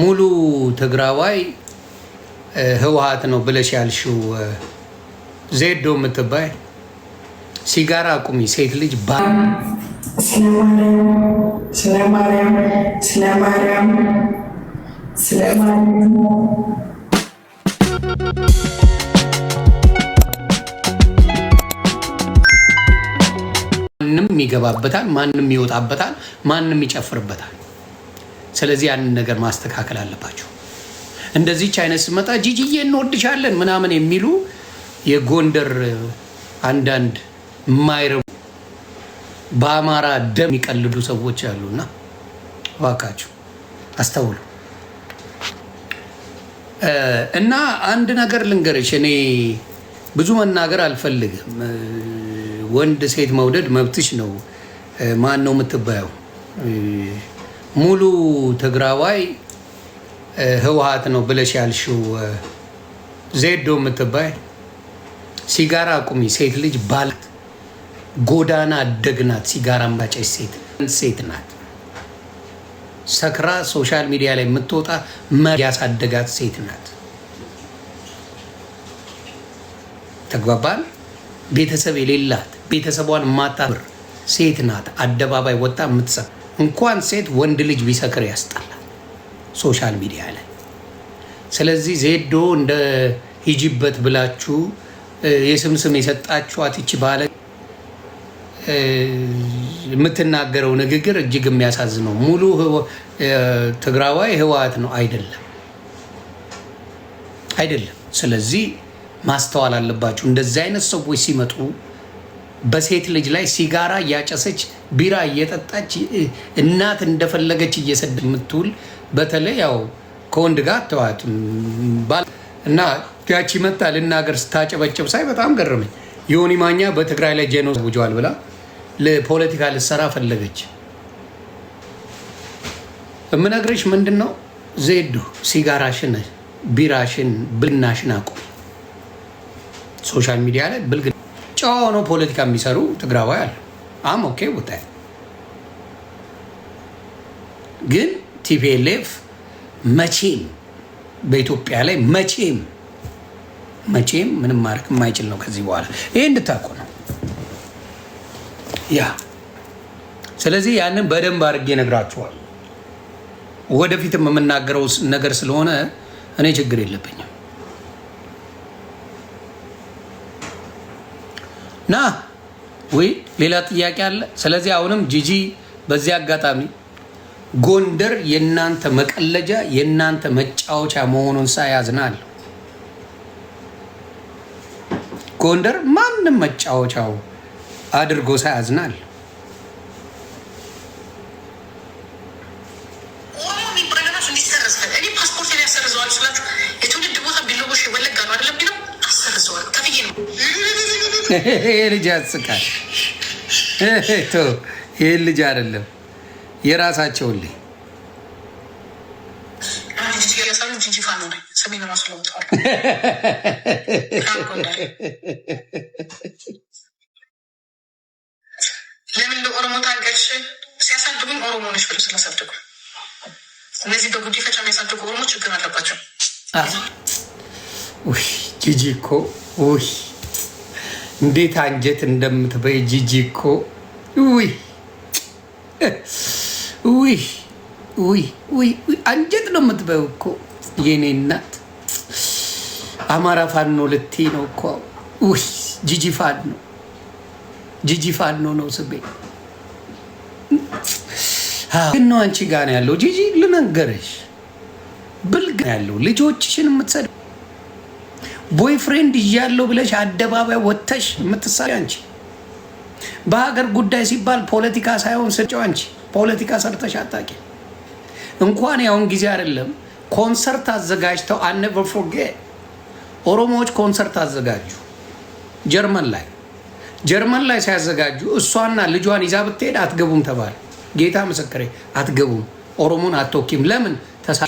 ሙሉ ትግራዋይ ህወሀት ነው ብለሽ ያልሽው ዜዶ የምትባይ ሲጋራ አቁሚ ሴት ልጅ ባ ማንም ይገባበታል፣ ማንም ይወጣበታል፣ ማንም ይጨፍርበታል። ስለዚህ ያንን ነገር ማስተካከል አለባቸው። እንደዚች አይነት ስመጣ ጂጂዬ እንወድሻለን ምናምን የሚሉ የጎንደር አንዳንድ የማይረቡ በአማራ ደም የሚቀልዱ ሰዎች አሉና እባካችሁ አስተውሉ። እና አንድ ነገር ልንገርሽ፣ እኔ ብዙ መናገር አልፈልግም። ወንድ ሴት መውደድ መብትሽ ነው። ማን ነው የምትባየው? ሙሉ ትግራዋይ ህወሀት ነው ብለሽ ያልሽው ዜዶ የምትባይ ሲጋራ አቁሚ። ሴት ልጅ ባላት ጎዳና አደግ ሲጋራ ባጨች ሴት ሴት ናት። ሰክራ ሶሻል ሚዲያ ላይ የምትወጣ ያሳደጋት ሴት ናት። ተግባባል። ቤተሰብ የሌላት ቤተሰቧን ማታብር ሴት ናት። አደባባይ ወጣ የምትሰብ እንኳን ሴት ወንድ ልጅ ቢሰክር ያስጠላል ሶሻል ሚዲያ ላይ። ስለዚህ ዜዶ እንደ ሂጂበት ብላችሁ የስምስም የሰጣችኋት ይቺ ባለ የምትናገረው ንግግር እጅግ የሚያሳዝነው ሙሉ ትግራዋይ ህወሓት ነው አይደለም አይደለም። ስለዚህ ማስተዋል አለባችሁ እንደዚህ አይነት ሰዎች ሲመጡ በሴት ልጅ ላይ ሲጋራ እያጨሰች ቢራ እየጠጣች እናት እንደፈለገች እየሰድ የምትውል በተለይ ያው ከወንድ ጋር ተዋት እና ያቺ መታ ልናገር ስታጨበጭብ ሳይ በጣም ገረመኝ። ዮኒ ማኛ በትግራይ ላይ ጄኖ ውጀዋል ብላ ለፖለቲካ ልሰራ ፈለገች። የምነግርሽ ምንድን ነው ዜዱ፣ ሲጋራሽን፣ ቢራሽን፣ ብልግናሽን አቁም። ሶሻል ሚዲያ ላይ ብልግ ጨዋ ሆነው ፖለቲካ የሚሰሩ ትግራዋይ አሉ። አም ኦኬ ቦታ ግን ቲፒኤልኤፍ መቼም በኢትዮጵያ ላይ መቼም መቼም ምንም ማድረግ የማይችል ነው ከዚህ በኋላ ይሄ እንድታውቁ ነው። ያ ስለዚህ ያንን በደንብ አድርጌ ነግራችኋል። ወደፊትም የምናገረው ነገር ስለሆነ እኔ ችግር የለብኝም። ና ወይ ሌላ ጥያቄ አለ። ስለዚህ አሁንም ጂጂ በዚህ አጋጣሚ ጎንደር የእናንተ መቀለጃ የእናንተ መጫወቻ መሆኑን ሳያዝናል ጎንደር ማንም መጫወቻው አድርጎ ሳያዝናል። ልጅ ያስቃል። ይህ ልጅ አይደለም የራሳቸውን ልጅ ለምን ለኦሮሞ ታገሽ ሲያሳድጉኝ ኦሮሞ ነች ብሎ ስላሳድጉ እነዚህ በጉዲፈቻ የሚያሳድጉ ኦሮሞ ችግር አለባቸው። ጂጂ እኮ እንዴት አንጀት እንደምትበይ ጂጂ እኮ ውይ ውይ ውይ ውይ አንጀት ነው የምትበይው እኮ የኔ እናት። አማራ ፋኖ ልቴ ነው እኮ ውይ ጂጂ ፋኖ ጂጂ ፋኖ ነው ስቤ ግን ነው አንቺ ጋር ነው ያለው ጂጂ ልነገረሽ ብልግ ያለው ልጆችሽን የምትሰድ ቦይፍሬንድ እያለው ብለሽ አደባባይ ወጥተሽ የምትሳሪ አንቺ። በሀገር ጉዳይ ሲባል ፖለቲካ ሳይሆን ስጨው አንቺ ፖለቲካ ሰርተሽ አታቂ። እንኳን ያሁን ጊዜ አይደለም ኮንሰርት አዘጋጅተው አነበፎጌ ፎርጌ ኦሮሞዎች ኮንሰርት አዘጋጁ ጀርመን ላይ ጀርመን ላይ ሲያዘጋጁ እሷና ልጇን ይዛ ብትሄድ አትገቡም ተባለ። ጌታ ምስክሬ አትገቡም፣ ኦሮሞን አትወኪም። ለምን ተሳ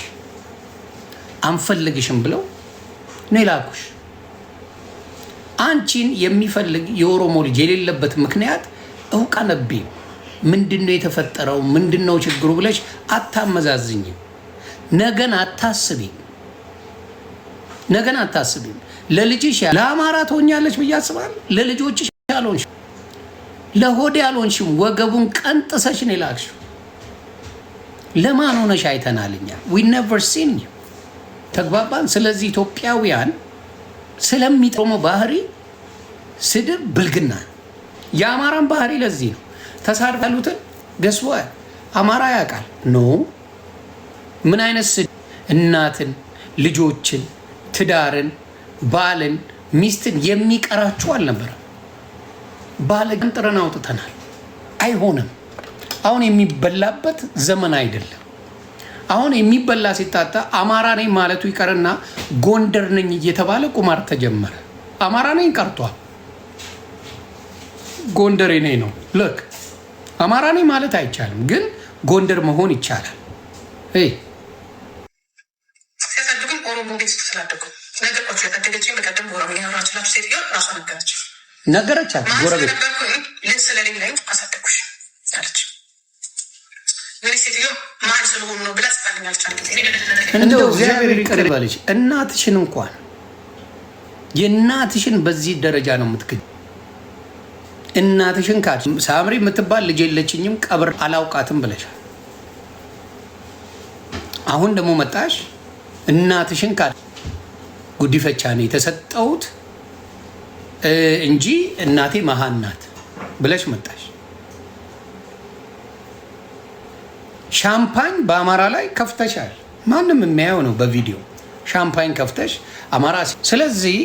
አንፈልግሽም ብለው ነው የላኩሽ። አንቺን የሚፈልግ የኦሮሞ ልጅ የሌለበት ምክንያት እውቃ ነቢ ምንድን ነው የተፈጠረው? ምንድን ነው ችግሩ ብለሽ አታመዛዝኝም። ነገን አታስቢም። ነገን አታስቢም። ለልጅሽ ለአማራ ትሆኛለች ብዬ አስባለሁ። ለልጆችሽ አልሆንሽም፣ ለሆዴ አልሆንሽም። ወገቡን ቀንጥሰሽ ነው የላክሽው። ለማን ሆነሽ አይተናልኛ። ዊ ነቨር ሲን ተግባባን። ስለዚህ ኢትዮጵያውያን ስለሚጠቅመው ባህሪ ስድብ ብልግና የአማራን ባህሪ ለዚህ ነው ተሳድብ ያሉትን ገስቧ አማራ ያውቃል ኖ ምን አይነት ስድ እናትን፣ ልጆችን፣ ትዳርን፣ ባልን፣ ሚስትን የሚቀራችሁ አልነበረም። ባለግን ጥረን አውጥተናል። አይሆንም። አሁን የሚበላበት ዘመን አይደለም። አሁን የሚበላ ሲታጣ አማራ ነኝ ማለቱ ይቀርና ጎንደር ነኝ እየተባለ ቁማር ተጀመረ። አማራ ነኝ ቀርቷል፣ ጎንደሬ ነኝ ነው። ልክ አማራ ነኝ ማለት አይቻልም፣ ግን ጎንደር መሆን ይቻላል። ነገረቻት ጎረቤት እንግዲህ እንደው እግዚአብሔር ይቅር ይበልሽ። እናትሽን እንኳን የእናትሽን በዚህ ደረጃ ነው የምትክጅ። እናትሽን ሳምሪ የምትባል ልጅ የለችኝም ቀብር አላውቃትም ብለሻል። አሁን ደግሞ መጣሽ እናትሽን ካድ ጉዲፈቻ ነው የተሰጠሁት እንጂ እናቴ መሀን ናት ብለሽ መጣሽ። ሻምፓኝ በአማራ ላይ ከፍተሻል። ማንም የሚያየው ነው በቪዲዮ ሻምፓኝ ከፍተሽ አማራ። ስለዚህ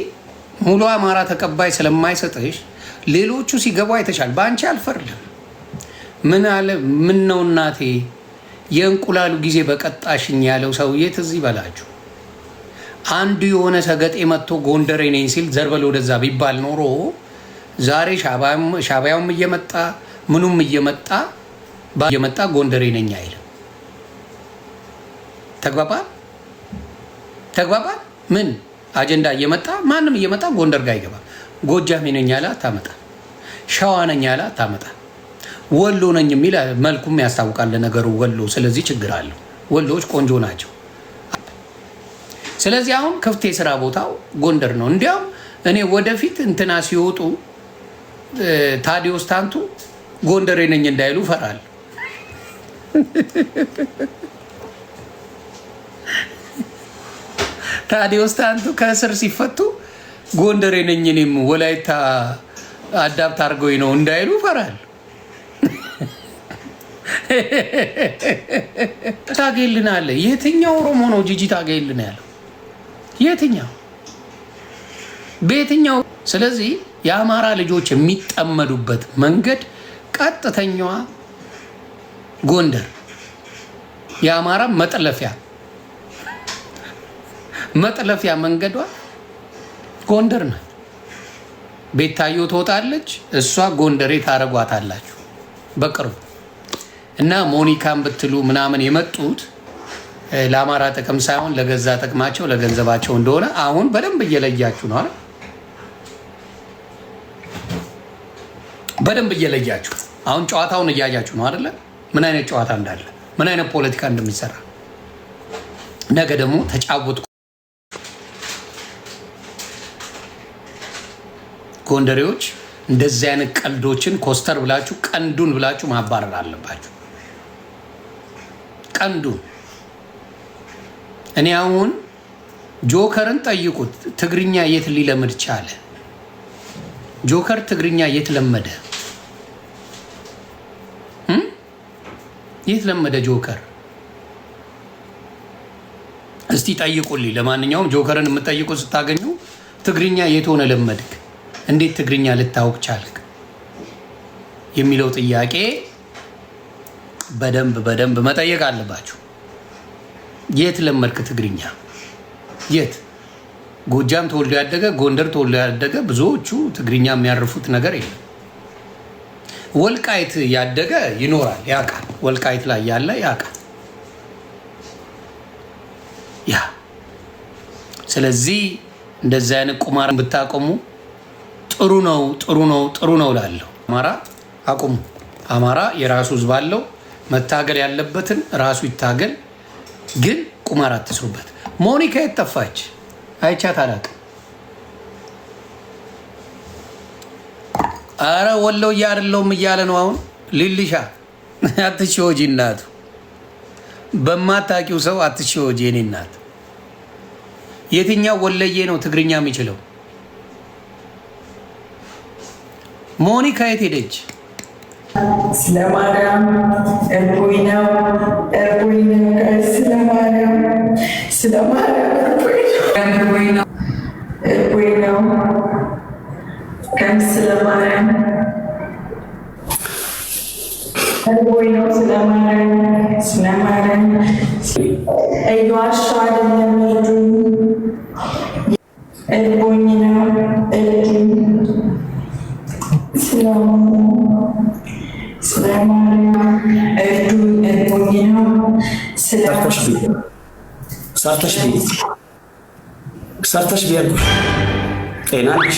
ሙሉ አማራ ተቀባይ ስለማይሰጥሽ ሌሎቹ ሲገቡ አይተሻል። በአንቺ አልፈርድም። ምን አለ ምን ነው እናቴ የእንቁላሉ ጊዜ በቀጣሽኝ ያለው ሰውዬ ትዝ ይበላችሁ። አንዱ የሆነ ሰገጤ መጥቶ ጎንደሬ ነኝ ሲል ዘርበል ወደዛ ቢባል ኖሮ ዛሬ ሻቢያውም እየመጣ ምኑም እየመጣ እየመጣ ጎንደሬ ነኝ አይልም። ተግባባ ተግባባ ምን አጀንዳ እየመጣ ማንም እየመጣ ጎንደር ጋር ይገባ። ጎጃሜ ነኝ ያለ ታመጣ፣ ሸዋ ነኝ ያለ ታመጣ፣ ወሎ ነኝ የሚል መልኩም ያስታውቃል ነገሩ ወሎ። ስለዚህ ችግር አለው። ወሎዎች ቆንጆ ናቸው። ስለዚህ አሁን ክፍት የስራ ቦታው ጎንደር ነው። እንዲያውም እኔ ወደፊት እንትና ሲወጡ ታዲዮስ ታንቱ ጎንደሬ ነኝ እንዳይሉ ፈራል። ታዲዮስ ታንቱ ከእስር ሲፈቱ ጎንደሬ ነኝ እኔም ወላይታ አዳብት አድርገኝ ነው እንዳይሉ ፈራል። ታገልን አለ። የትኛው ኦሮሞ ነው ጂጂ ታገልን ያለው? የትኛው በየትኛው? ስለዚህ የአማራ ልጆች የሚጠመዱበት መንገድ ቀጥተኛዋ ጎንደር የአማራ መጥለፊያ መጥለፊያ መንገዷ ጎንደር ናት። ቤታዮ ትወጣለች፣ እሷ ጎንደሬ ታረጓታላችሁ በቅርቡ እና ሞኒካን ብትሉ ምናምን የመጡት ለአማራ ጥቅም ሳይሆን ለገዛ ጥቅማቸው ለገንዘባቸው እንደሆነ አሁን በደንብ እየለያችሁ ነው። በደንብ እየለያችሁ አሁን ጨዋታውን እያያችሁ ነው አይደለ? ምን አይነት ጨዋታ እንዳለ ምን አይነት ፖለቲካ እንደሚሰራ ነገ ደግሞ ተጫወት ጎንደሬዎች እንደዚህ አይነት ቀልዶችን ኮስተር ብላችሁ ቀንዱን ብላችሁ ማባረር አለባችሁ። ቀንዱን እኔ አሁን ጆከርን ጠይቁት፣ ትግርኛ የት ሊለምድ ቻለ? ጆከር ትግርኛ የት ለመደ? የት ለመደ ጆከር? እስቲ ጠይቁልኝ። ለማንኛውም ጆከርን የምጠይቁት ስታገኙ ትግርኛ የት ሆነ ለመድክ? እንዴት ትግርኛ ልታውቅ ቻልክ የሚለው ጥያቄ በደንብ በደንብ መጠየቅ አለባችሁ። የት ለመድክ ትግርኛ? የት ጎጃም ተወልዶ ያደገ ጎንደር ተወልዶ ያደገ ብዙዎቹ ትግርኛ የሚያርፉት ነገር የለም። ወልቃይት ያደገ ይኖራል ያውቃል። ወልቃይት ላይ ያለ ያውቃል ያ ስለዚህ እንደዚህ አይነት ቁማር ብታቆሙ ጥሩ ነው፣ ጥሩ ነው፣ ጥሩ ነው ላለው አማራ አቁሙ። አማራ የራሱ ህዝብ አለው። መታገል ያለበትን ራሱ ይታገል። ግን ቁማር አትስሩበት። ሞኒካ የት ጠፋች? አይቻት አላውቅም። አረ ወለው እያደለውም እያለ ነው አሁን። ሊልሻ አትሽወጂ እናቱ፣ በማታውቂው ሰው አትሽወጂ የኔ እናት። የትኛው ወለዬ ነው ትግርኛ የሚችለው? ሞኒካ ከየት ሄደች? ስለማርያም እርቦኝ ነው እርቦኝ ነው ስለማርያም ስለማርያም እርቦኝ ነው እርቦኝ ነው ስለማርያም ስለማርያም ስለማርያም ሰርተሽ ብዬ ሰርተሽ ብያለሁ። ጤናች